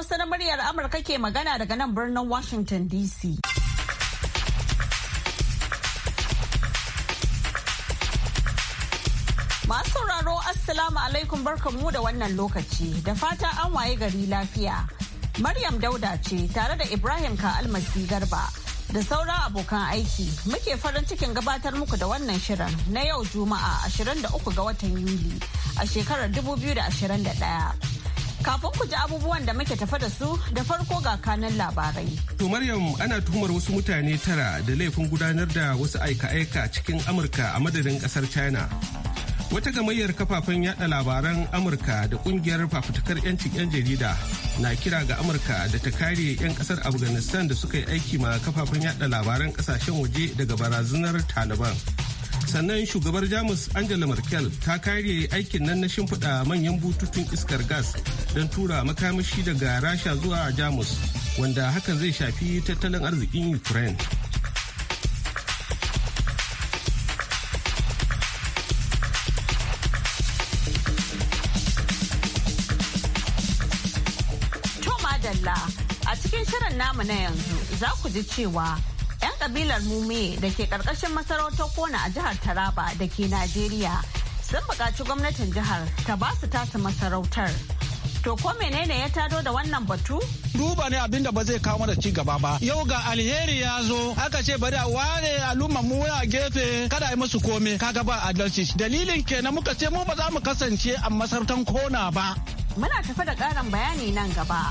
Hausa na muryar Amurka ke magana daga nan birnin Washington DC. Masu sauraro Assalamu alaikum barkanmu da wannan lokaci da fata an waye gari lafiya. Maryam Dauda ce tare da Ibrahim Ka'almasi Garba da sauran abokan aiki muke farin cikin gabatar muku da wannan shirin na yau Juma'a 23 ga watan Yuli a shekarar 2021. Kafin ku ji abubuwan da muke tafa da su da farko ga kanan labarai. To Maryam ana tuhumar wasu mutane tara da laifin gudanar da wasu aika-aika cikin Amurka a madadin kasar China. Wata gamayyar kafafen yada labaran Amurka da kungiyar fafutukar 'yancin 'yan jarida na kira ga Amurka da ta kare 'yan kasar Afghanistan da suka yi aiki ma kafafen yada labaran kasashen waje daga barazanar Taliban. sannan shugabar jamus angela merkel ta kare aikin nan na shimfiɗa manyan bututun iskar gas don tura makamashi daga rasha zuwa jamus wanda hakan zai shafi tattalin arzikin ukraine a cikin shirin namu na yanzu za ku ji cewa 'yan kabilar mume da ke karkashin masarautar kona a jihar taraba da ke najeriya sun buƙaci gwamnatin jihar ta ba su tasa masarautar To ko menene ya tado da wannan batu? Duba ne abinda ba zai kawo da ci gaba ba. Yau ga alheri ya zo aka ce bari a ware al'umma mu a gefe kada a yi musu komai kaga ba adalci. Dalilin kenan muka ce mu ba za mu kasance a masarautar kona ba. Muna tafi da ƙarin bayani nan gaba.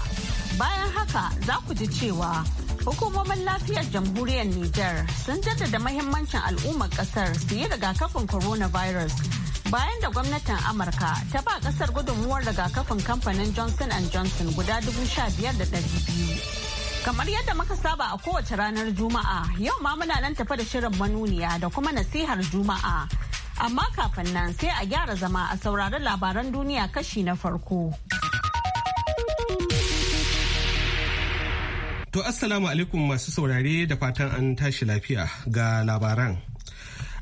Bayan haka za ku ji cewa Hukumomin lafiyar jamhuriyar Nijar sun jaddada mahimmancin al'ummar kasar su yi rigakafin coronavirus bayan da gwamnatin amurka ta ba kasar gudunmuwar rigakafin kamfanin johnson johnson guda biyu. kamar yadda muka saba a kowace ranar juma'a yau ma muna nan tafa da shirin manuniya da kuma nasihar juma'a amma kafin nan sai a gyara zama a saurari labaran duniya kashi na farko to assalamu alaikum masu saurare da fatan an tashi lafiya ga labaran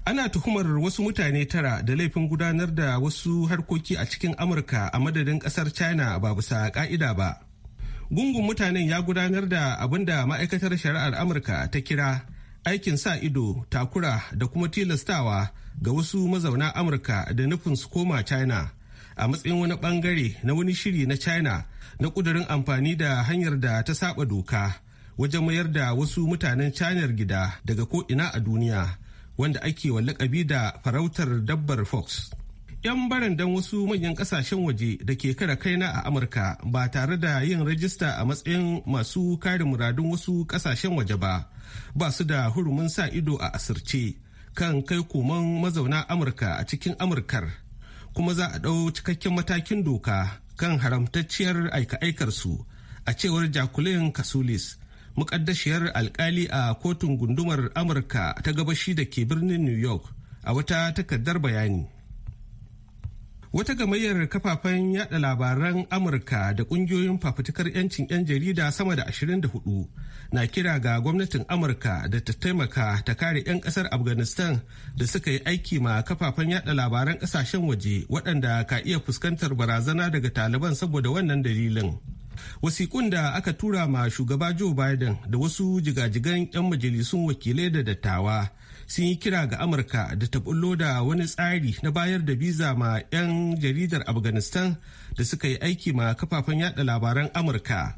ana tuhumar wasu mutane tara da laifin gudanar da wasu harkoki a cikin amurka a madadin kasar china ba bisa ka'ida ba gungun mutanen ya gudanar da abin da ma'aikatar shari'ar amurka ta kira aikin sa ido takura da kuma tilastawa ga wasu mazauna amurka da nufin su koma china a matsayin wani bangare na wani shiri na china na kudurin amfani da hanyar da ta saba doka wajen mayar da wasu mutanen china gida daga ko'ina a duniya wanda ake wa lakabi da farautar dabbar fox yan barandan wasu manyan kasashen waje da ke kara kaina a amurka ba tare da yin rajista a matsayin masu kare muradun wasu kasashen waje ba ba su da hurumin sa ido a asirce kan kai koman mazauna amurka a cikin amurkar kuma za a ɗau cikakken matakin doka kan haramtacciyar aika-aikarsu a cewar jakulin kasulis mukaddashiyar alkali a kotun gundumar amurka ta gabashi da ke birnin new york a wata takardar bayani wata gamayyar kafafen yada labaran amurka da kungiyoyin fafutukar 'yancin 'yan jarida sama da 24 na kira ga gwamnatin amurka da ta taimaka ta kare 'yan kasar afghanistan da suka yi aiki ma kafafen yada labaran kasashen waje waɗanda ka iya fuskantar barazana daga taliban saboda wannan dalilin. Wasiƙun da aka tura ma shugaba Joe Biden da wasu jigajigan 'yan majalisun wakilai da dattawa sun yi kira ga Amurka da ta da wani tsari na bayar da biza ma 'yan jaridar Afghanistan da suka yi aiki ma kafafen yada labaran Amurka.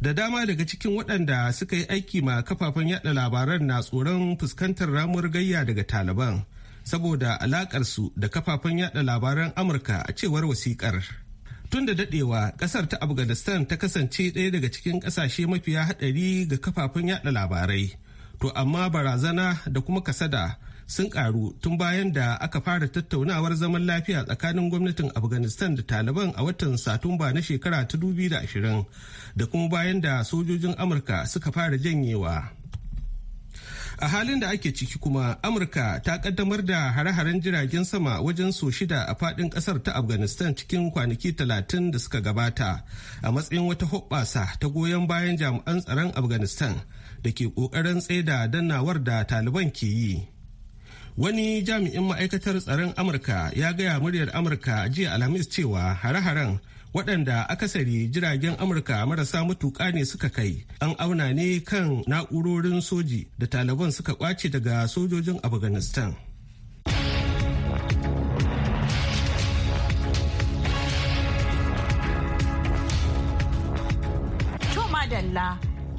Da dama daga cikin waɗanda suka yi aiki ma kafafen yada labaran na tsoron fuskantar ramuwar gayya daga Taliban saboda alakarsu da kafafen yada labaran Amurka a cewar wasiƙar. Tun da dadewa kasar ta Afghanistan ta kasance ɗaya daga cikin ƙasashe mafiya haɗari ga kafafen yada labarai. To amma barazana da kuma kasada sun karu tun bayan da aka fara tattaunawar zaman lafiya tsakanin gwamnatin Afghanistan da Taliban a watan Satumba na shekara ta 2020 da kuma bayan da sojojin Amurka suka fara janyewa. a halin da ake ciki kuma amurka ta kaddamar da hare-haren jiragen sama wajen so shida a fadin kasar ta afghanistan cikin kwanaki talatin da suka gabata a matsayin wata hoɓɓasa ta goyon bayan jami'an tsaron afghanistan da ke ƙoƙarin tsaida dannawar da taliban ke yi wani jami'in ma'aikatar tsaron amurka ya gaya muryar amurka jiya alhamis cewa hare-haren waɗanda akasari jiragen amurka marasa matuƙa ne suka kai an auna ne kan na'urorin soji da taliban suka kwace daga sojojin afghanistan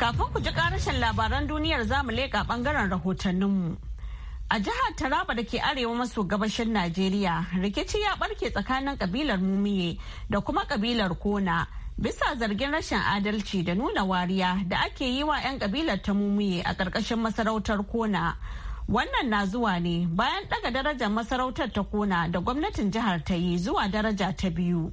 kafin ku ji karashin labaran duniyar zamu leƙa ɓangaren rahotanninmu. A jihar Taraba da ke arewa maso gabashin Najeriya, rikici ya barke tsakanin kabilar Mumiye da kuma kabilar Kona. Bisa zargin rashin adalci da nuna wariya da ake yi wa 'yan kabilar ta Mumiye a ƙarƙashin masarautar Kona. Wannan na zuwa ne bayan ɗaga darajar masarautar ta Kona da gwamnatin jihar ta yi zuwa daraja ta biyu.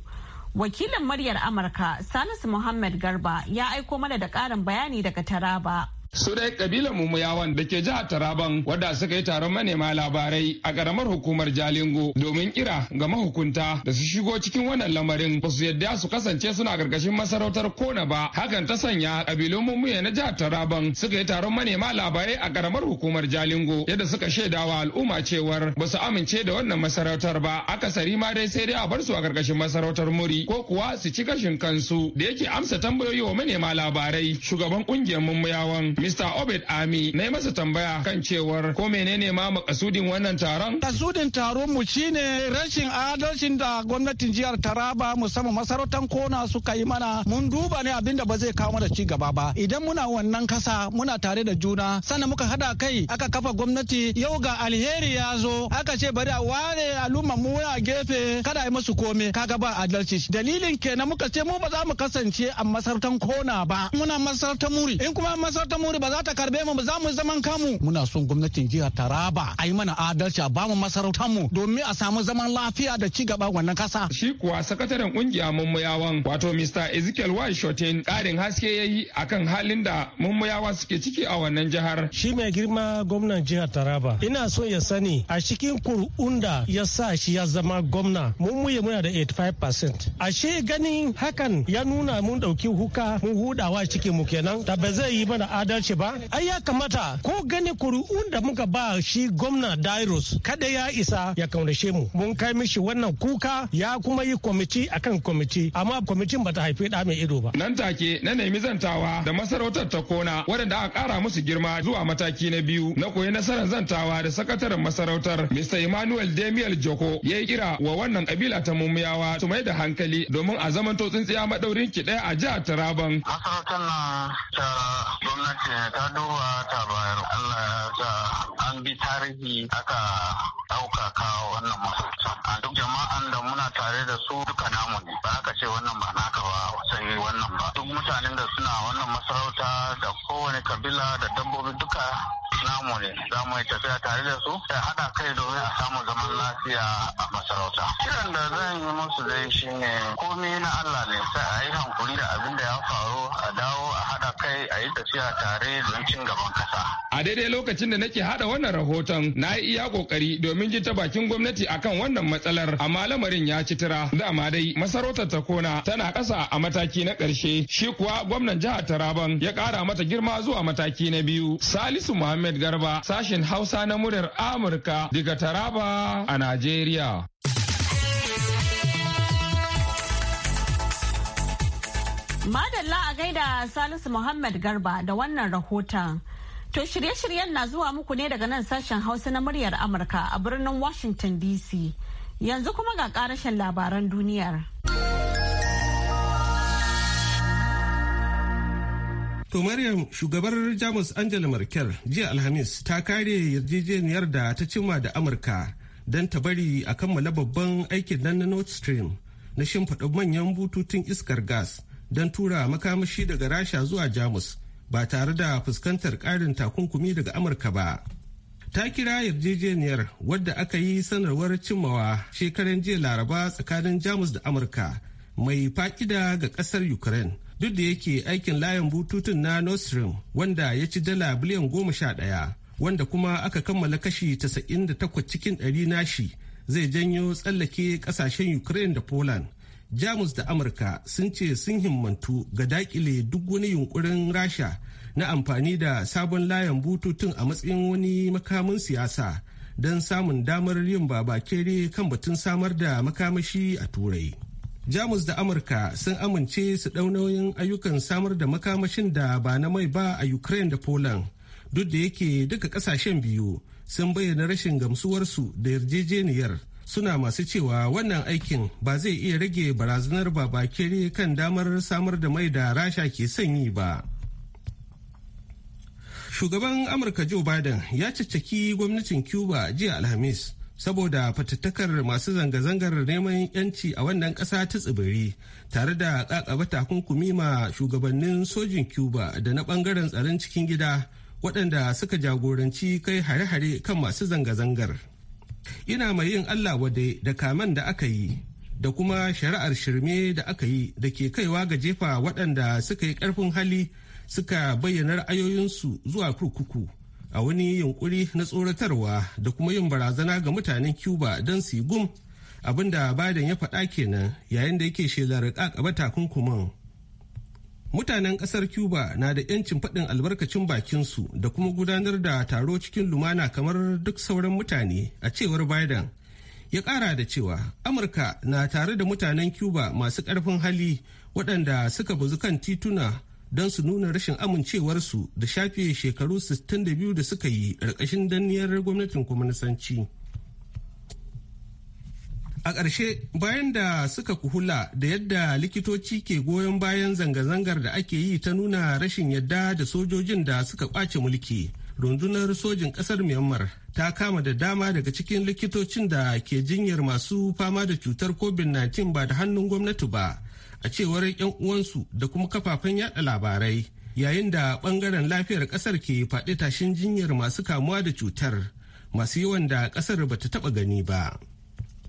Wakilin muryar Amurka Salisu Muhammad Garba ya aiko mana da ƙarin bayani daga Taraba. su dai kabilar mumuyawan da ke jihar taraban wadda suka yi taron manema labarai a karamar hukumar jalingo domin kira ga mahukunta da su shigo cikin wannan lamarin ba su yadda su kasance suna karkashin masarautar kona ba hakan ta sanya kabilun mumuya na jihar taraban suka yi taron manema labarai a karamar hukumar jalingo yadda suka shaida wa al'umma cewar ba su amince da wannan masarautar ba akasari ma dai sai dai a bar su a karkashin masarautar muri ko kuwa su ci gashin kansu da yake amsa tambayoyi wa manema labarai shugaban kungiyar mumuyawan Mr. Obed Ami na yi masa tambaya kan cewar ko menene ma makasudin wannan taron? Kasudin taron mu shine rashin adalcin da gwamnatin jihar Taraba musamman masarautar kona suka yi mana mun duba ne abinda ba zai kawo da ci gaba ba. Idan muna wannan kasa muna tare da juna sannan muka hada kai aka kafa gwamnati yau ga alheri ya zo aka ce bari a ware al'umma mu a gefe kada yi musu kome kaga ba adalci. Dalilin kenan muka ce mu ba za mu kasance a masarautar kona ba. Muna masarautar muri in kuma masarautar muri ba za ta karbe mu ba za mu zaman kamu muna son gwamnatin jihar Taraba a yi mana adalci a bamu masarautar mu domin a samu zaman lafiya da ci gaba wannan kasa shi kuwa sakataren kungiya mummuyawan wato Mr Ezekiel Shotin karin haske yayi kan halin da mummuyawa suke ciki a wannan jihar shi mai girma gwamnan jihar Taraba ina so ya sani a cikin kur'un da ya sa shi ya zama gwamna mun muna da 85% ashe ganin hakan ya nuna mun ɗauki huka mun hudawa cikin mu kenan da ba zai yi mana adalci dace ba ai ya kamata ko gani kuri'un da muka ba shi gwamna Dairos kada ya isa ya kaunashe mu mun kai mishi wannan kuka ya kuma yi kwamiti kan kwamiti amma kwamitin bata haife da mai ido ba nan take na nemi zantawa da masarautar ta kona waɗanda aka kara musu girma zuwa mataki na biyu na koyi nasarar zantawa da sakataren masarautar Mr. Emmanuel Demiel Joko ya yi kira wa wannan kabila ta mummiyawa su mai da hankali domin a zamanto tsintsiya madaurin ki ɗaya a jihar Taraban. Masarautar na ta gwamnati ce ta duba ta bayar Allah ya sa an bi tarihi aka ka wannan masarautar. A duk jama'an da muna tare da su duka namu ne ba aka ce wannan ba naka ba sai wannan ba. Duk mutanen da suna wannan masarauta da kowane kabila da dabbobi duka namu ne za mu yi tafiya tare da su da haɗa kai domin a samu zaman lafiya a masarauta. Kiran da zan yi musu dai shine Komai na Allah ne sai a yi hankuri da abin tafiya tare don cin gaban kasa. A daidai lokacin da nake hada wannan rahoton na yi iya kokari domin ji ta bakin gwamnati akan wannan matsalar amma lamarin ya ci tura dama dai masarautar ta kona tana kasa a mataki na karshe shi kuwa gwamnan jihar Taraban ya kara mata girma zuwa mataki na biyu. Salisu Muhammad Garba sashen Hausa na muryar Amurka daga Taraba a Najeriya. Madalla a gaida Salisu Muhammad Garba da wannan rahoton. To shirye-shiryen na zuwa muku ne daga nan sashen Hausa na muryar Amurka a birnin Washington DC. Yanzu kuma ga karashen labaran duniyar. To Maryam shugabar Jamus Angela Merkel jiya Alhamis ta kare yarjejeniyar da ta cimma da Amurka don ta bari a kammala babban aikin nan na Nord Stream na shimfiɗa manyan bututun iskar gas don tura makamashi daga rasha zuwa jamus ba tare da fuskantar karin takunkumi daga amurka ba ta kira yarjejeniyar wadda aka yi sanarwar cimmawa shekaran jiya laraba tsakanin jamus da amurka mai fa'ida ga ƙasar ukraine duk da yake aikin layan bututun na Nord wanda ya ci dala biliyan goma sha ɗaya wanda kuma aka kammala kashi da takwas cikin ɗari nashi zai janyo tsallake ƙasashen Ukraine da Poland jamus da amurka sun ce sun himmantu ga dakile duk wani yunkurin rasha na amfani da sabon layan bututun a matsayin wani makamin siyasa don samun damar yin babakere kan batun samar da makamashi a turai jamus da amurka sun amince su ɗau nauyin ayyukan samar da makamashin da ba na mai ba a ukraine da poland duk da yake duka kasashen biyu sun bayyana rashin gamsuwarsu da yarjejeniyar suna masu cewa wannan aikin ba zai iya rage barazanar babakere kan damar samar da mai da rasha ke sanyi ba shugaban amurka joe biden ya caccaki gwamnatin cuba jiya alhamis saboda fatattakar masu zanga-zangar neman yanci a wannan ƙasa ta tsibiri tare da kakaba takunkumi ma shugabannin sojin cuba da na ɓangaren tsaron cikin gida waɗanda suka jagoranci kai hare-hare kan masu zanga-zangar ina mai yin allah wade da kaman da aka yi da kuma shari'ar shirme da aka yi da ke kaiwa ga jefa waɗanda suka yi ƙarfin hali suka bayyana ra'ayoyinsu zuwa kurkuku a wani yunkuri na tsoratarwa da kuma yin barazana ga mutanen cuba don su gum abinda biden ya faɗa kenan yayin da yake shelar ƙaƙaba takunkuman mutanen kasar cuba na da 'yancin faɗin albarkacin bakinsu da kuma gudanar da taro cikin lumana kamar duk sauran mutane a cewar biden ya ƙara da cewa amurka na tare da mutanen cuba masu ƙarfin hali waɗanda suka bazu kan tituna don su nuna rashin amincewarsu da shafe shekaru 62 da suka yi ƙarƙashin danniyar gwamnatin kwamnisanci. A ƙarshe bayan da suka kuhula da yadda likitoci ke goyon bayan zanga-zangar da ake yi ta nuna rashin yadda da sojojin da suka ƙwace mulki. rundunar sojin ƙasar Myanmar ta kama da dama daga cikin likitocin da ke jinyar masu fama da cutar COVID-19 ba da hannun gwamnati ba, a cewar 'yan uwansu da kuma kafafen yada labarai, yayin da bangaren lafiyar ƙasar ke faɗi tashin jinyar masu kamuwa da cutar, masu yawan da ƙasar bata taɓa gani ba.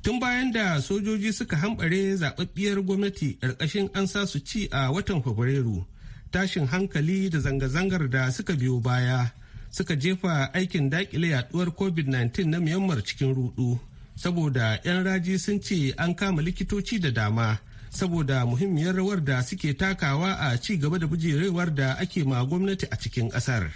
tun bayan da sojoji suka hambare zaɓaɓɓiyar gwamnati ƙarƙashin an sa su ci a watan fabrairu tashin hankali da zanga-zangar da suka biyo baya suka jefa aikin daƙile yaduwar covid-19 na myanmar cikin rudu saboda 'yan raji sun ce an kama likitoci da dama saboda muhimmiyar rawar da suke takawa a ci gaba da bujerewar da ake ma gwamnati a cikin ƙasar.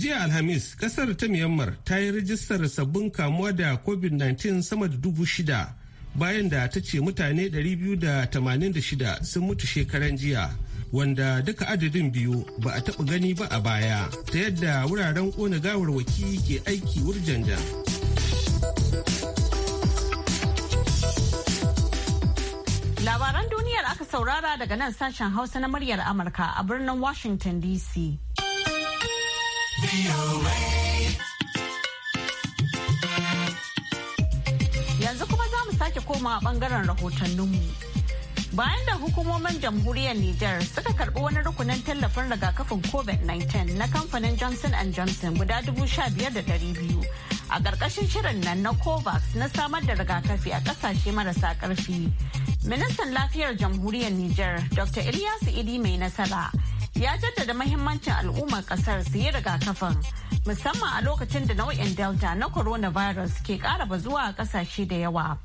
Jiya Alhamis, kasar ta Myanmar ta yi rijistar sabbin kamuwa da COVID-19 sama da dubu shida bayan da ta ce mutane 286 sun mutu shekaran jiya. wanda duka adadin biyu ba a taɓa gani ba a baya ta yadda wuraren ƙona waki ke aiki wurjanja. Labaran duniyar aka saurara daga nan sashen Hausa na muryar Amurka a birnin Washington DC. Yanzu kuma za mu sake koma bangaren rahotanninmu. Bayan da hukumomin jamhuriyar Nijar suka karbi wani rukunin tallafin rigakafin COVID-19 na kamfanin Johnson Johnson guda biyu. a ƙarƙashin shirin nan na covax na samar da rigakafi a ƙasashe marasa ƙarfi ministan lafiyar jamhuriyar Nijar, dr ilyasu idi mai nasara ya jaddada mahimmancin al'ummar kasar su yi rigakafin musamman a lokacin da nau'in delta na coronavirus ke kara bazuwa a kasashe da yawa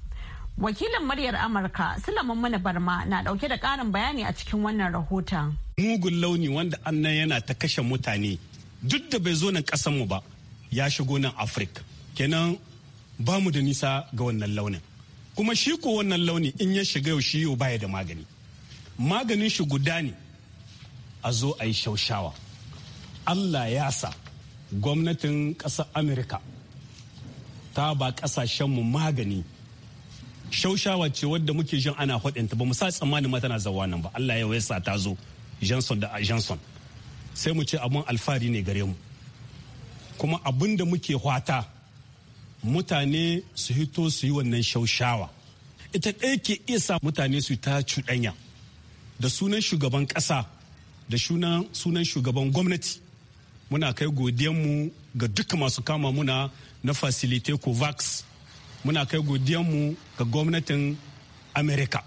wakilin muryar amurka sulaman mana barma na dauke da karin bayani a cikin wannan rahoton mugun launi wanda annan yana ta kashe mutane duk da bai zo nan kasanmu ba ya shigo nan afirka kenan ba mu da nisa ga wannan launin kuma shi ko wannan launi in ya shiga yau shi yau baya da magani maganin shi guda ne a zo a yi shaushawa allah ya sa gwamnatin ƙasar amurka ta ba ƙasashenmu magani shaushawa ce wadda muke jin ana hudinta ba mu sa tsammanin ma tana zawa nan ba allah ya sa ta zo johnson da johnson sai mu ce abun alfahari ne gare mu kuma abin da muke hwata mutane su hito su yi wannan shaushawa ita ɗaya ke iya sa mutane su ta cuɗanya da sunan shugaban ƙasa da sunan shugaban gwamnati muna kai godiyan mu ga duka masu kama muna na facilite covax muna kai mu ga gwamnatin america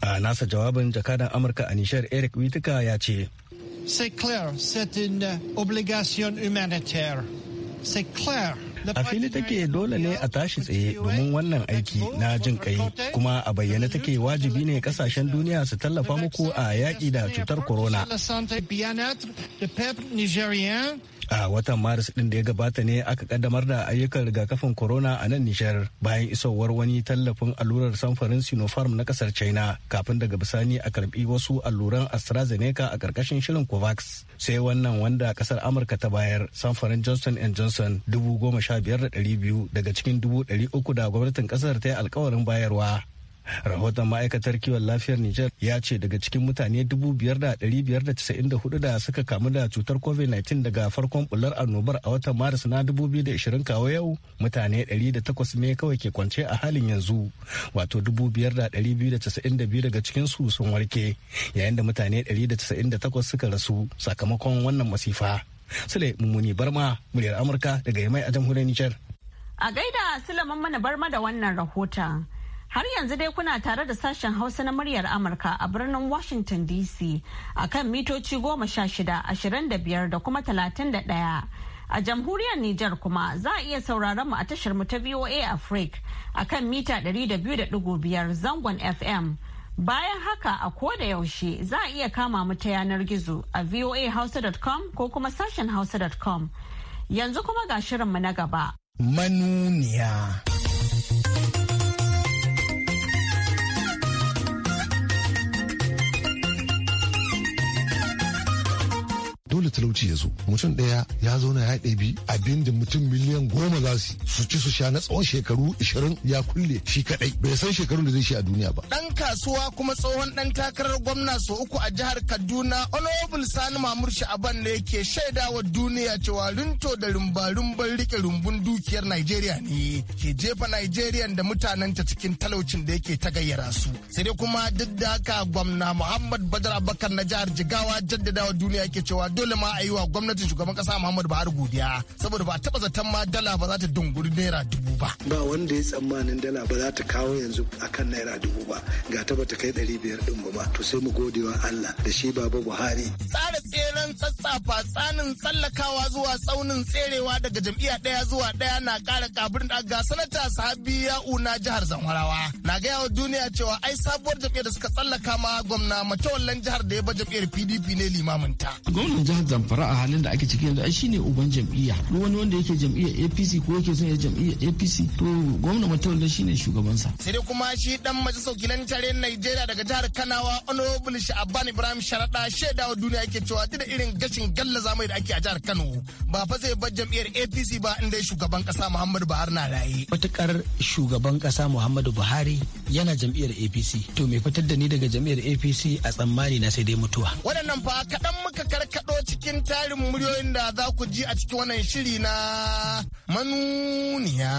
a nasa jawabin jakadan amurka a nishar eric witika ya ce c'est clair c'est une obligation humanitaire c'est clair a fili take dole ne a tashi tsaye domin wannan aiki na jin kai kuma a bayyane take wajibi ne kasashen duniya su tallafa muku a yaƙi da cutar corona a watan maris din da ya gabata ne aka kaddamar da ayyukan rigakafin corona a nan nishar bayan isowar wani tallafin allurar samfarin sinopharm na kasar china kafin daga bisani a karbi wasu alluran astrazeneca a karkashin shirin covax sai wannan wanda kasar amurka ta bayar samfarin johnson johnson dubu goma sha biyar da ɗari biyu daga cikin dubu ɗari uku da gwamnatin kasar ta yi alkawarin bayarwa rahoton ma'aikatar kiwon lafiyar Nijar ya ce daga cikin mutane 5,594 da suka kamu da cutar covid-19 daga farkon bular annobar a watan maris na 2020 kawo yau mutane 108 ne kawai ke kwance a halin yanzu wato 5,292 daga cikinsu sun warke yayin da mutane 198 suka rasu sakamakon wannan masifa sule mummuni barma muryar amurka daga yamai a jamhuriyar nijar. a gaida sulaman mana barma da wannan rahoton Har yanzu dai kuna tare da sashen Hausa na muryar Amurka a birnin Washington DC a kan mitoci goma sha shida, ashirin da biyar da kuma talatin da ɗaya. A jamhuriyar Nijar kuma za a iya sauraron mu a tashar mu ta VOA Africa a kan mita biyar zangon FM. Bayan haka a ko da yaushe za a iya kama mu ta yanar gizo a voahausa.com ko kuma sashen hausa.com. Yanzu kuma ga shirinmu na gaba. Manuniya. dole talauci ya zo mutum ɗaya ya zo na ya ɗabi abin da mutum miliyan goma za su su ci su sha na tsawon shekaru ashirin ya kulle shi kaɗai bai san shekarun da zai shi a duniya ba. Ɗan kasuwa kuma tsohon ɗan takarar gwamna sau uku a jihar Kaduna Honorable Sani Mamur Sha'aban ne ke wa duniya cewa rinto da rumba-rumban rike rumbun dukiyar Najeriya ne ke jefa Najeriya da mutanenta cikin talaucin da yake ta gayyara su. Sai dai kuma duk da haka gwamna Muhammad Badar Abakar na jihar Jigawa jaddadawa duniya ke cewa dole dole ma a yi wa gwamnatin shugaban kasa Muhammadu Buhari godiya saboda ba taba zaton ma dala ba za ta dunguri naira dubu ba. Ba wanda ya tsammanin dala ba za ta kawo yanzu akan naira dubu ba ga ta kai ɗari biyar ɗin ba ba to sai mu gode wa Allah da shi baba Buhari. Tsara tseren tsatsafa tsanin tsallakawa zuwa tsaunin tserewa daga jam'iyya ɗaya zuwa ɗaya na ƙara kabirin da ga sanata sahabi ya'u na jihar Zamfarawa. Na gaya wa duniya cewa ai sabuwar jam'iyyar da suka tsallaka ma gwamna matawallan jihar da ya ba jam'iyyar PDP ne limaminta. Gwamnan zamfara a halin da ake ciki yanzu ai shine uban jam'iyya duk wani wanda yake jam'iyya apc ko yake son ya jam'iyya apc to gwamna wanda shine sa sai dai kuma shi dan majalisar gilan tare najeriya daga jihar kanawa honorable sha'aban ibrahim sharada shaidawa duniya yake cewa duk da irin gashin galla zamai da ake a jihar kano ba fa zai bar jam'iyyar apc ba inda shugaban kasa muhammadu buhari na raye matukar shugaban kasa muhammadu buhari yana jam'iyyar apc to mai fitar da ni daga jam'iyyar apc a tsammani na sai dai mutuwa waɗannan fa kaɗan muka karkaɗo cikin tarin muryoyin da za ku ji a cikin wannan shiri na manuniya.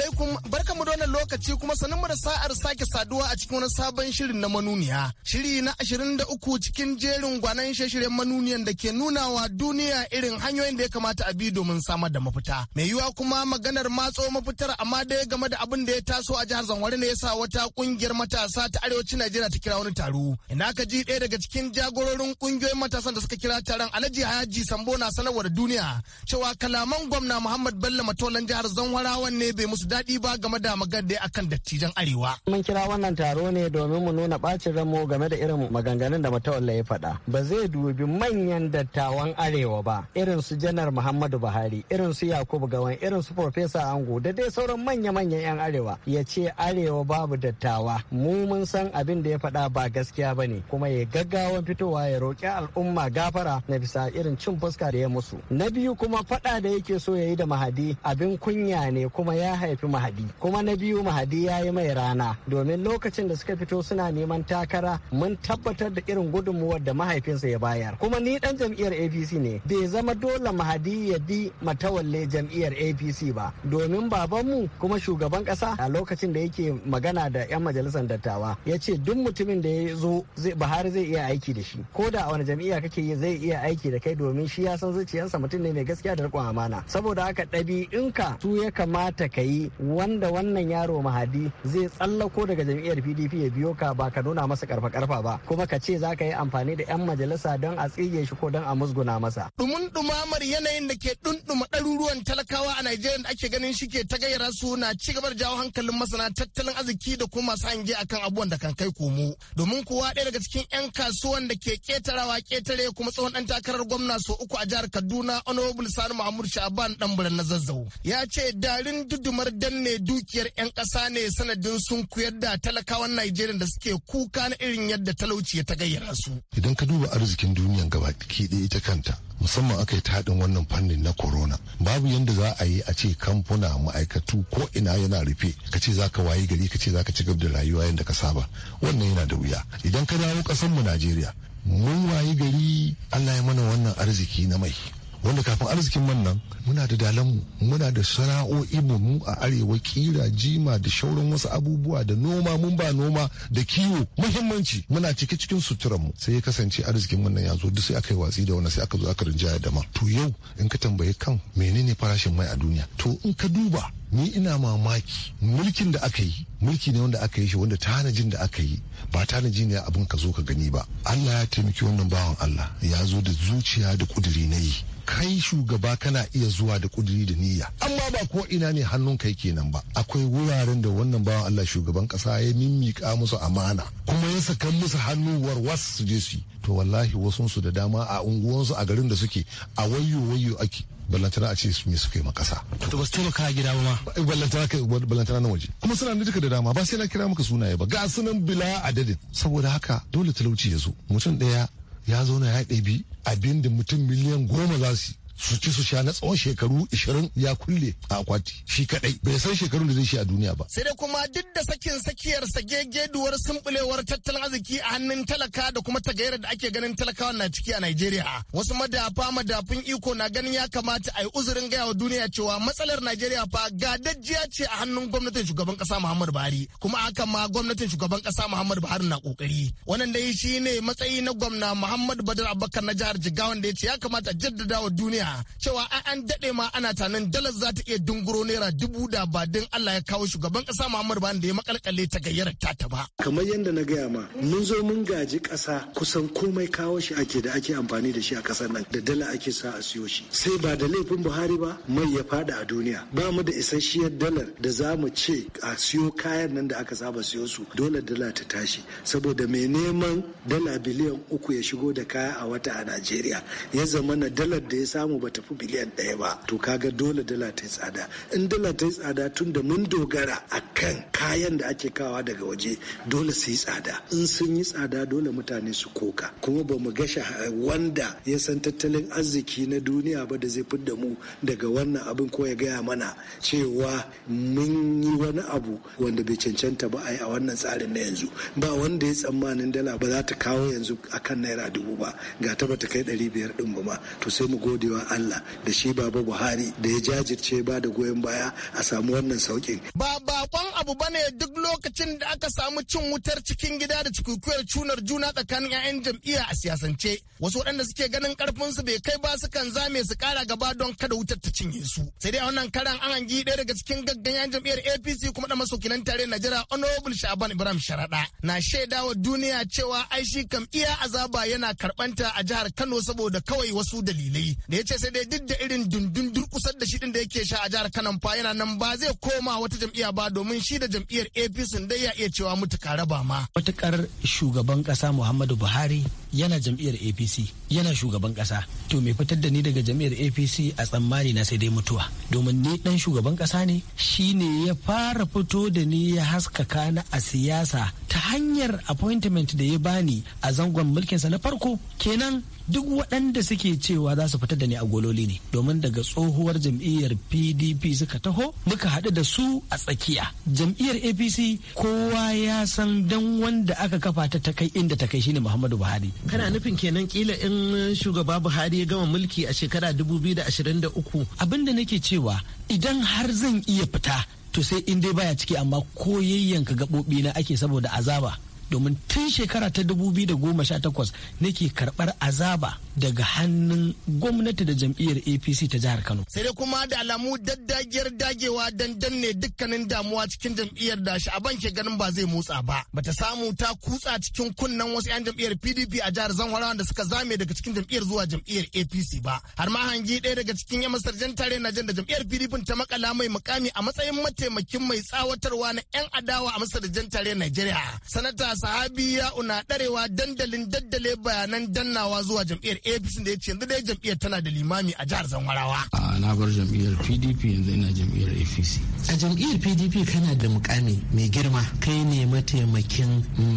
alaikum mu da wannan lokaci kuma sanin mu da sa'ar sake saduwa a cikin wani sabon shirin na manuniya. Shiri na 23 cikin jerin gwanan shirin manuniyan da ke nunawa duniya irin hanyoyin da ya kamata a bi domin samar da mafita. Mai yiwuwa kuma maganar matso mafitar amma dai game da abin da ya taso a jihar Zamfara ne ya sa wata kungiyar matasa ta arewacin Najeriya ta kira wani taro. Ina ka ji ɗaya daga cikin jagororin kungiyoyin matasan da suka kira taron Alhaji hayaji Sambo na sanarwar duniya cewa kalaman gwamna Muhammad Bello Matolan jihar Zamfara ne bai musu daɗi ba game da magar akan dattijan arewa. Mun kira wannan taro ne domin mu nuna ɓacin ranmu game da irin maganganun da matawalla ya faɗa. Ba zai dubi manyan dattawan arewa ba irin su janar Muhammadu Buhari irin su Yakubu Gawan irin su Profesa Ango da dai sauran manya-manyan 'yan arewa ya ce arewa babu dattawa mu mun san abin da ya faɗa ba gaskiya ba ne kuma ya gaggawan fitowa ya roƙi al'umma gafara na bisa irin cin fuska da ya musu. Na biyu kuma faɗa da yake so ya yi da mahadi abin kunya ne kuma ya haifi mahadi kuma na biyu mahadi ya yi mai rana domin lokacin da suka fito suna neman takara mun tabbatar da irin gudunmuwar da mahaifinsa ya bayar kuma ni dan jam'iyyar apc ne bai zama dole mahadi ya bi matawalle jam'iyyar apc ba domin babanmu kuma shugaban kasa a lokacin da yake magana da 'yan majalisar dattawa ya ce duk mutumin da ya zo buhari zai iya aiki da shi ko da a wani jam'iyya kake yi zai iya aiki da kai domin shi ya san zuciyarsa mutum ne mai gaskiya da rikon amana saboda haka ɗabi'inka su ya kamata ka yi wanda wannan yaro mahadi zai tsallako daga jam'iyyar pdp ya biyo ka ba ka nuna masa karfa karfa ba kuma ka ce za ka yi amfani da 'yan majalisa don a tsige shi ko don a musguna masa dumin dumamar yanayin da ke dunduma ɗaruruwan talakawa a najeriya da ake ganin shi ke tagayyara su na ci gaba da jawo hankalin masana tattalin arziki da kuma masu hange akan abubuwan da kan kai komo domin kuwa ɗaya daga cikin 'yan kasuwan da ke ketarawa ketare kuma tsohon ɗan takarar gwamna so uku a jihar kaduna honorable sani mahmud shaban dan na zazzau ya ce darin dudumar manufar danne dukiyar 'yan ƙasa ne sanadin sun kuyar da talakawan Najeriya da suke kuka na irin yadda talauci ta gayyara su. Idan ka duba arzikin duniya gaba ɗaya ita kanta musamman aka yi taɗin wannan fannin na corona babu yadda za a yi a ce kamfuna ma'aikatu ko ina yana rufe ka ce za ka waye gari ka ce za ka ci gaba da rayuwa yadda ka saba wannan yana da wuya idan ka dawo ƙasar mu najeriya mun wayi gari allah ya mana wannan arziki na mai wanda kafin arzikin man nan muna da mu muna da sana'o'i mu a arewa kira jima da shauran wasu abubuwa da noma mun ba noma da kiwo muhimmanci muna cike cikin suturan mu sai ya kasance arzikin man nan ya zo duk sai aka yi watsi da wani sai aka zo aka rinjaya da ma to yau in ka tambaye kan menene farashin mai a duniya to in ka duba ni ina mamaki mulkin da aka yi mulki ne wanda aka yi shi wanda tanajin da aka yi ba tanaji ne abin ka zo ka gani ba Allah ya taimaki wannan bawan Allah ya zo da zuciya da kuduri na yi kai shugaba kana iya zuwa da kudiri da niyya amma ba ko ina ne hannun kai kenan ba akwai wuraren da wannan bawan Allah shugaban kasa ya mimmiƙa musu amana kuma ya saka musu hannu warwas su je su to wallahi wasu su da dama a unguwansu a garin da suke a wayo wayo ake ballantana a ce me suka yi ma kasa. To ba su taimaka a gida ba ma. Ballantana kai ballantana na waje. Kuma suna nuna da dama ba sai na kira maka sunaye ba ga sunan bila adadin. Saboda haka dole talauci ya zo. Mutum ɗaya ya zo na ya ɗabi abin da mutum miliyan goma za su su ci su sha na tsawon shekaru 20 ya kulle a akwati shi kadai bai san shekaru da zai shi a duniya ba sai dai kuma duk da sakin sakiyar sagegeduwar sumbulewar tattalin arziki a hannun talaka da kuma tagayyar da ake ganin talakawa na ciki a Najeriya wasu madafa madafin iko na ganin ya kamata a yi uzurin gaya wa duniya cewa matsalar Najeriya fa ga dajiya ce a hannun gwamnatin shugaban kasa Muhammadu Buhari kuma haka ma gwamnatin shugaban kasa Muhammadu Buhari na kokari wannan dai shine matsayi na gwamna Muhammadu Badar Abubakar na jihar Jigawa da ya ce ya kamata jaddada wa duniya magana cewa an daɗe ma ana tanan dalar za ta iya dunguro naira dubu da ba din Allah ya kawo shugaban ƙasa Muhammadu Buhari da ya makalkale ta ta ta ba. Kamar yadda na gaya ma mun zo mun gaji kasa kusan komai kawo shi ake da ake amfani da shi a kasar nan da dala ake sa a siyo shi. Sai ba da laifin Buhari ba mai ya fada a duniya ba mu da isasshiyar dalar da za mu ce a siyo kayan nan da aka saba siyo su dole dala ta tashi saboda mai neman dala biliyan uku ya shigo da kaya a wata a Najeriya ya zama na dalar da ya samu ba bata fi biliyan ɗaya ba to kaga dole dala ta tsada in dala ta tsada tun da mun dogara a kan kayan da ake kawa daga waje dole su yi tsada in sun yi tsada dole mutane su koka kuma ba mu gasha eh, wanda ya san tattalin arziki na duniya ba da zai fi da mu daga wannan abin ko ya gaya mana cewa mun yi wani abu wanda bai cancanta ba a a wannan tsarin na yanzu ba wanda ya tsammanin dala ba za ta kawo yanzu akan naira dubu ba ga ta bata kai ɗari biyar ɗin ba ma to sai mu godewa Allah da shi baba Buhari da ya jajirce ba da goyon baya a samu wannan saukin. Ba bakon abu bane duk lokacin da aka samu cin wutar cikin gida da cikikiyar cunar juna tsakanin 'ya'yan jam'iyya a siyasance. Wasu waɗanda suke ganin ƙarfinsu bai kai ba sukan zame su kara gaba don kada wutar ta cinye su. Sai dai a wannan karan an hangi ɗaya daga cikin gaggan 'yan jam'iyyar APC kuma da masokinan tare Najeriya Honorable shaban Ibrahim Sharaɗa na shaida shaidawa duniya cewa ai shi kam iya azaba yana karɓanta a jihar Kano saboda kawai wasu dalilai da ya ce sai dai duk da irin dundun durkusar da shi din da yake sha a jihar Kano fa yana nan ba zai koma wata jam'iyya ba domin shi da jam'iyyar apc dai ya iya cewa mutuka raba ma matukar shugaban kasa muhammadu buhari yana jam'iyyar apc yana shugaban kasa to me fitar da ni daga jam'iyyar apc a tsammani na sai dai mutuwa domin ni dan shugaban kasa ne shine ya fara fito da ni ya haskaka na a siyasa ta hanyar appointment da ya bani a zangon mulkin sa na farko kenan duk waɗanda suke cewa za su fita da ni a gololi ne domin daga tsohuwar jam'iyyar pdp suka taho muka haɗu da su a tsakiya jam'iyyar apc kowa ya san dan wanda aka kafa ta ta kai inda ta kai shine muhammadu buhari kana nufin kenan kila in shugaba buhari ya gama mulki a shekara 2023 abinda nake cewa idan har zan iya fita to sai in dai baya ciki amma ko yayyanka gaɓoɓi na ake saboda azaba domin tun shekara ta 2018 nake karbar azaba daga hannun gwamnati da jam'iyyar apc ta jihar kano sai dai kuma da alamu daddagiyar dagewa dan danne dukkanin damuwa cikin jam'iyyar da sha'aban ke ganin ba zai motsa ba bata samu ta kutsa cikin kunnan wasu 'yan jam'iyyar pdp a jihar zamfara da suka zame daga cikin jam'iyyar zuwa jam'iyyar apc ba har ma hangi ɗaya daga cikin yan masarjan tare na jan da jam'iyyar pdp ta makala mai mukami a matsayin mataimakin mai tsawatarwa na 'yan adawa a masarjan tare najeriya sanata sahabi ya una ɗarewa dandalin daddale bayanan dannawa zuwa jam'iyyar apc da ya yanzu dai jam'iyyar tana da limami a jihar zamwarawa a na bar jam'iyyar pdp yanzu ina jam'iyyar apc a jam'iyyar pdp kana da mukami mai girma kai ne mataimakin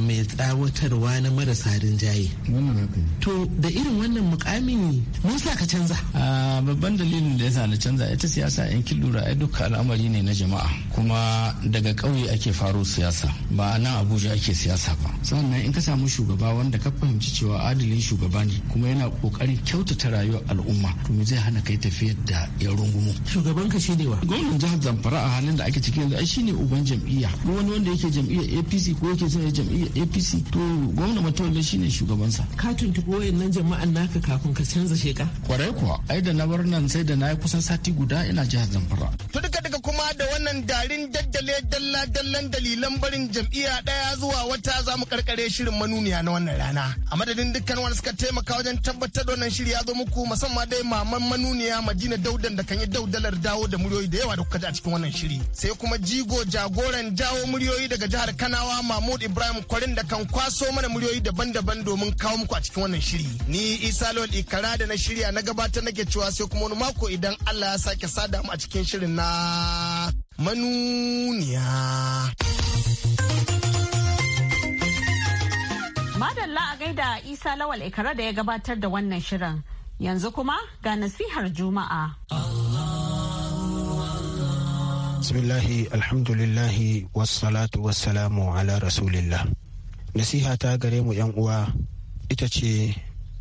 mai tsawatarwa na marasa rinjaye to da irin wannan mukami mun sa ka canza babban dalilin da ya sa na canza ita siyasa kin lura ai duka al'amari ne na jama'a kuma daga ƙauye ake faro siyasa ba nan abuja ake siyasa siyasa ba sannan in ka samu shugaba wanda ka fahimci cewa adalin shugaba ne kuma yana kokarin kyautata rayuwar al'umma to me zai hana kai tafiyar da ya rungumo shugaban ka shine wa gwamnan jihar zamfara a halin da ake ciki yanzu ai shine uban jam'iyya ko wani wanda yake jam'iyyar APC ko yake son jam'iyyar APC to gwamnan matawalle shine shugabansa ka tuntubi wayannan jama'an naka kafin ka canza sheka kwarai kuwa ai da na bar nan sai da na yi kusan sati guda ina jihar zamfara to duka duka kuma da wannan darin daddale dalla dallan dalilan barin jam'iyya daya zuwa wata za mu karkare shirin manuniya na wannan rana. A madadin dukkan wani suka taimaka wajen tabbatar da wannan shirya zo muku musamman dai maman manuniya Madina Daudan da kan yi daudalar dawo da muryoyi da yawa da kuka ji a cikin wannan shiri. Sai kuma jigo jagoran jawo muryoyi daga jihar Kanawa Mahmud Ibrahim Kwarin da kan kwaso mana muryoyi daban-daban domin kawo muku a cikin wannan shiri. Ni Isa Lol Ikara da na shirya na gabatar nake cewa sai kuma wani mako idan Allah ya sake sada mu a cikin shirin na manuniya. Madalla a gaida Isa Lawal Ikara da ya gabatar da wannan shirin. Yanzu kuma ga nasihar Juma'a. Bismillahi alhamdulillahi wassalatu wassalamu ala rasulillah. Nasiha ta gare mu yan uwa ita ce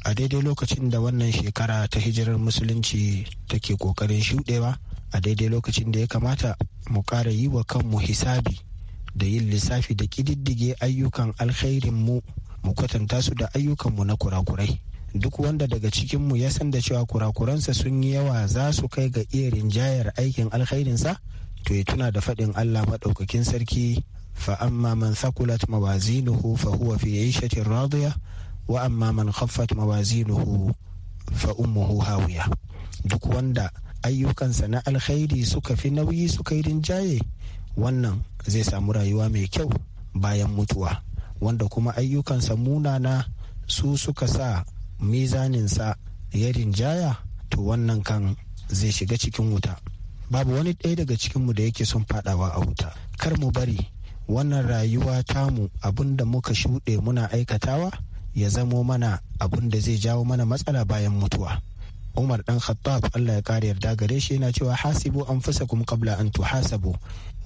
a daidai lokacin da wannan shekara ta hijirar musulunci take kokarin shuɗewa a daidai lokacin da ya kamata mu ƙara yi wa kanmu hisabi da yin lissafi da ƙididdige ayyukan alkhairin mu mu kwatanta su da ayyukanmu na kurakurai duk wanda daga cikinmu ya san da cewa kurakuransa sun yi yawa za su kai ga iya rinjayar aikin alkhairinsa to ya tuna da faɗin allah maɗaukakin sarki fa amma man thaqulat mawazinuhu fa huwa fi shatin radiya wa amma man khaffat mawazinuhu fa ummuhu hawiya duk wanda ayyukansa na alkhairi suka fi nauyi suka yi rinjaye wannan zai samu rayuwa mai kyau bayan mutuwa wanda kuma ayyukansa munana su suka sa mizaninsa ya rinjaya to wannan kan zai shiga cikin wuta babu wani ɗaya daga cikinmu da yake sun fadawa a wuta kar mu bari wannan rayuwa tamu abin da muka shuɗe muna aikatawa ya zamo mana abin da zai jawo mana matsala bayan mutuwa umar dan khattab allah ya kare yarda gare shi yana cewa hasibu anfusakum qabla an tuhasabu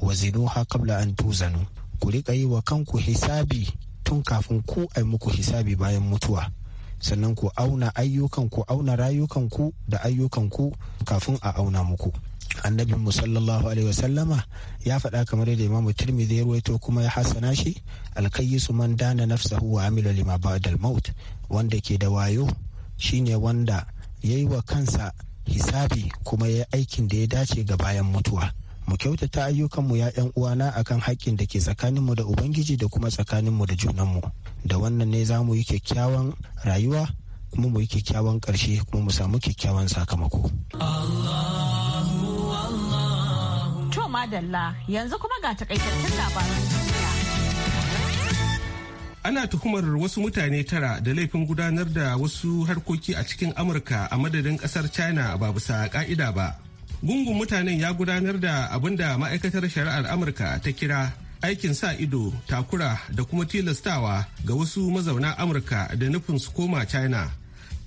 wa zinuha qabla an tuzanu ku riƙa yi wa kanku hisabi tun kafin ku a yi muku hisabi bayan mutuwa sannan ku auna ayyukan ku auna rayukan ku da ayyukan ku kafin a auna muku annabi musallallahu alaihi wasallama ya faɗa kamar yadda imamu tirmidhi ya ruwaito kuma ya hasana shi alkayyisu man dana nafsahu wa amila lima ba'dal maut wanda ke da wayo shine wanda yayi wa kansa hisabi kuma ya aikin da ya dace ga bayan mutuwa mu kyautata ayyukanmu ya yan uwana akan haƙƙin da ke tsakaninmu da ubangiji da kuma tsakaninmu da junanmu da wannan ne za mu yi kyakkyawan rayuwa kuma mu yi kyakkyawan ƙarshe kuma mu samu kyakkyawan sakamako. To madalla yanzu kuma ga takaitattun labaran Ana tuhumar wasu mutane tara da laifin gudanar da wasu harkoki a cikin Amurka a madadin kasar China ba bisa ka'ida ba. gungun mutanen ya gudanar da abin da ma'aikatar shari'ar amurka ta kira aikin sa ido takura da kuma tilastawa ga wasu mazauna amurka da nufin su koma china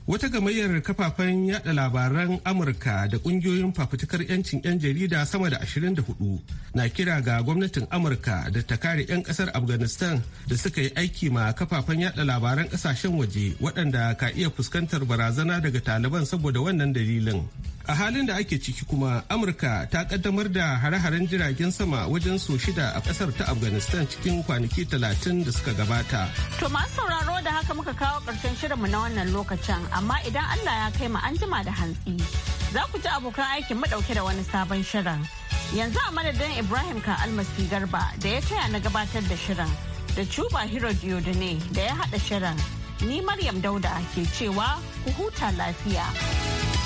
wata gamayyar kafafen yada labaran amurka da kungiyoyin fafutukar 'yancin 'yan jarida sama da 24 na kira ga gwamnatin amurka da ta kare 'yan kasar afghanistan da suka yi aiki ma kafafen yada labaran kasashen waje waɗanda ka iya fuskantar barazana daga taliban saboda wannan dalilin a halin da ake ciki kuma amurka ta kaddamar da hare-haren jiragen sama wajen so shida a kasar ta afghanistan cikin kwanaki talatin da suka gabata to masu sauraro da haka muka kawo karshen shirinmu na wannan lokacin amma idan allah ya kai mu an jima da hantsi za ku ji abokan aikin mu ɗauke da wani sabon shirin yanzu a madadin ibrahim ka almasi garba da ya taya na gabatar da shirin da cuba hero diodone da ya haɗa shirin ni maryam dauda ke cewa ku huta lafiya